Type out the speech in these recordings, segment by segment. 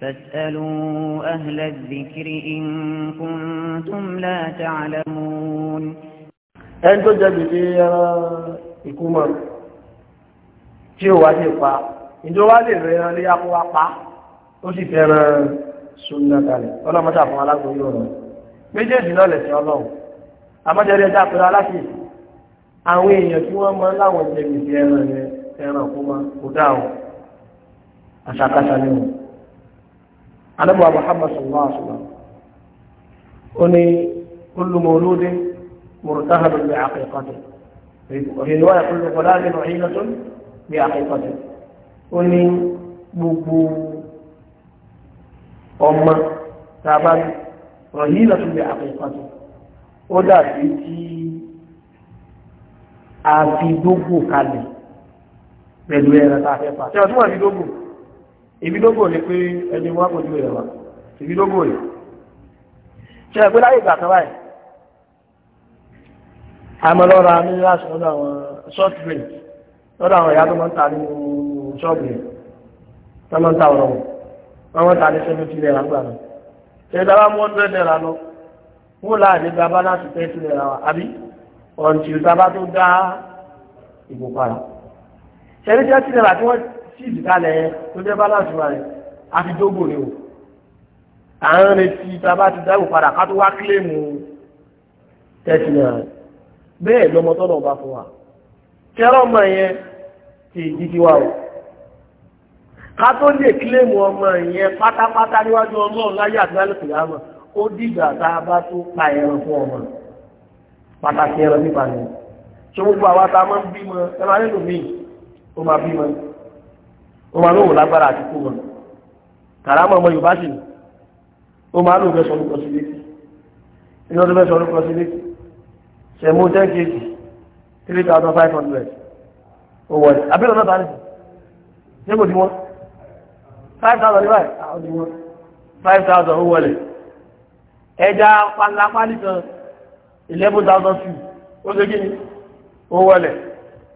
فاسألوا أهل الذكر إن كنتم لا تعلمون ẹn tó jẹ́bi tí ikú mọ̀ tí ó wá lè pa ìjọ wá lè rẹ̀ ẹran léyà kó wá pa ó sì fẹ́ràn súnà kalẹ̀ ọlọ́mọta fún alágbóyún ọ̀rọ̀ méjèèjì náà lẹ̀sìn ọlọ́run àmọ́jẹ́rẹ́ ẹja pẹ̀lú aláṣẹ àwọn èèyàn tí wọ́n máa láwọn jẹ̀bi sí ẹran yẹn ẹran kó máa kó dáhùn àṣàkáṣà ni wọ́n anábọ̀ Muhammad sallallahu alaihi wasallam ó ní kullu mawludin murtahabun bi aqiqatihi òhìn wáyà kullu gulamin mu'inatun bi aqiqatihi ó ní gbogbo ọmọ tàbá mu'inatun bi aqiqatihi ó dàbí tí a fi dógò kalẹ̀ pẹ̀lú ẹ̀rọ tá a fẹ́ fà tí ọdún wà fi dógò ìbídógò ni pé ẹni wọ́n àpòjú rẹ̀ wà ìbídógò rẹ̀ ṣe ẹ̀pẹ́ láyé ìgbà kan báyìí àmọ́ lọ́ra ní láti lọ́dọ̀ àwọn short range lọ́dọ̀ àwọn ìyá tó máa ń ta nínú ṣọ́ọ̀bù rẹ̀ tó máa ń ta ọ̀rọ̀ wọn wọ́n ta ní seventy naira gbà náà ṣe ìdáwà mú hundred naira lọ wọ́n láàdé gba balance thirty naira wa àbí ọ̀nà tí ìta bá tó dá ìbò para ṣe ní thirty naira tí wọ́n tíìsì kalẹ̀ yẹn tó jẹ́ balance wa yẹn àfi dógò ni o à ń retí bàbá ti dáwò padà ká tó wá kílèmù tẹ̀sí náà bẹ́ẹ̀ lọmọ tọ́lọ̀ ọba fún wa kẹ́rọ̀ ọmọ yẹn ti jíjí wa o ká tó lè kílèmù ọmọ yẹn pátápátá níwájú ọlọ́run láyé àti lálẹ́ kìlámà ó dìgbà tá a bá tó pa ẹran fún ọmọ pàtàkì ẹran nípa ni ṣé gbogbo àwa tá máa ń bímọ ẹran alẹ́ lòmíì ó máa bímọ wọ́n máa lóhùn lágbára àti kú wọn kàrámọ̀ ọmọ yorùbá sì ni wọ́n máa lóhùn fẹ́sọ̀ orúkọ sí létí inú ọdún fẹ́sọ̀ orúkọ sí létí sẹ̀mú ten kg three thousand five hundred ó wọlé abẹ́rẹ́ náà tani ṣé kò di wọn five thousand níbàyí àwọn di wọn five thousand ó wọlé ẹja panlápálí kan eleven thousand two ó ṣe kí ni ó wọlé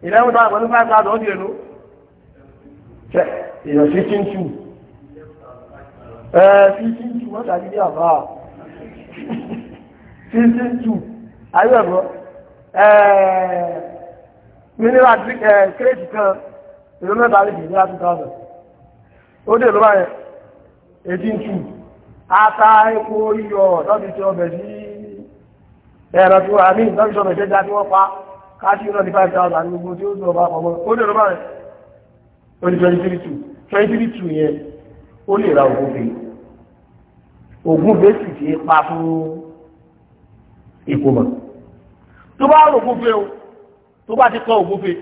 eleven thousand pẹ̀lú five thousand ó di èlò èèyàn sí tí ń tù ẹ̀ẹ́sí tí ń tù wọ́n tàbí ní àbá sí tí ń tù ayọ́bọ̀ ẹ̀ẹ́ mineral kírèjì kan èrò mẹ́ta lè bìí láti tààbẹ̀ ó dè ló bá yẹn èdí ń tù ata epo yíyọ tọ́bi tí ọbẹ̀ sí ẹ̀rọ tí wọ́n àmì tọ́bi tí ọbẹ̀ jẹ́jà tí wọ́n pa káàkiri náà ní 5000 gbogbo tí ó dùn ọba àpamọ́ ó dè ló bá yẹn ó ní twenty three two twenty three two yẹn ó lè ra ògúnfe ògúnfe sì ti pa fún ìkómọ tó bá rò ògúnfe o tó bá ti kọ ògúnfe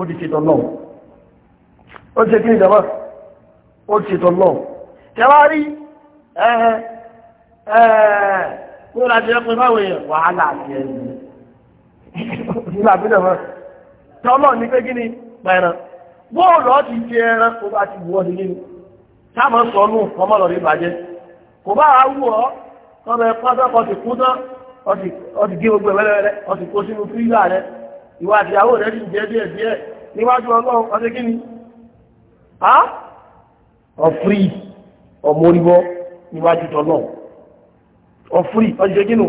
ó di ṣètò náà ó ti ṣe kí ni ìjọba ó ti ṣètò náà tẹwàá rí ẹ̀ẹ́ ẹ̀ẹ́ kó la jẹ́ pé báwo yẹn wàhálà àti ẹ̀yìn nígbà tó dẹ̀ mọ́ ní pé kí ni pẹ̀rẹ̀ bóòlù ọtí ti ẹran kó bá ti wọ nílé ni táàmù sọ nù ọmọ lọ rí bàjẹ́ kò bá a wù ọ tọ́lẹ̀ pátá kan ti kú tán ọtí gé gbogbo ẹ̀wẹ́lẹ́wẹ́lẹ́ ọtí kó sínú fírígà rẹ ìwà àtìyàwó rẹ ti jẹ díẹ̀ díẹ̀ níwájú ọlọ́run ọtí kí ni ọ̀fúrí ọmọríwọ́ níwájú tọ́lọ̀ ọ̀fúrí ọjọ́ gínú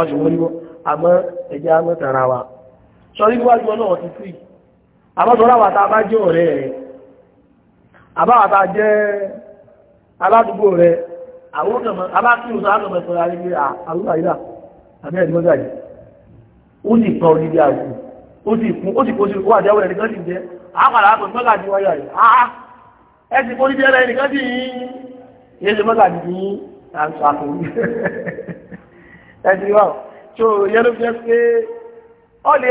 ọjọ́ mọ́ríwọ́ àmọ́ ẹjẹ́ àmọ́ tàrà wa sọ níwájú ọlọ́run ti fúrí àbọ́sọ́láwàtà bá jẹ́ ọ̀rẹ́ rẹ̀ àbáwàtà jẹ́ aládùúgbò rẹ̀ àwọn ọ̀nà abákìrùsọ àgbẹ̀mẹ̀sọ̀rọ̀ àríwá àrúwà ìlà àmì ẹ̀dùnmọ́gbà yìí ó sì kan oníbi àgbò ó sì kún ó sì kó sí ó àjẹ́wọ̀ ẹ̀nìkan sì jẹ́ àpàdà àpẹ̀mọ́gà ní wáyà rẹ̀ àá ẹ ti kó níbi ẹ̀rẹ́ ẹ̀nìkan sì yín yé ṣe mọ́gà ní àṣọ àkòrí ẹ ti wá tó yẹ ló fi ẹ pé ọ lè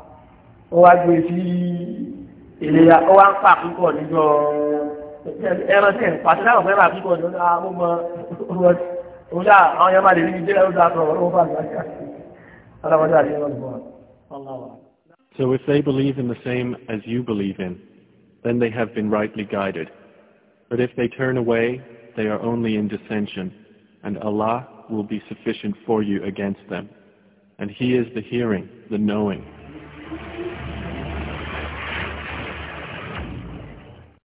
wá gbé ó wá ẹran ní ah, mọ ah, ó dá ó fà So if they believe in the same as you believe in, then they have been rightly guided. But if they turn away, they are only in dissension, and Allah will be sufficient for you against them. And He is the hearing, the knowing.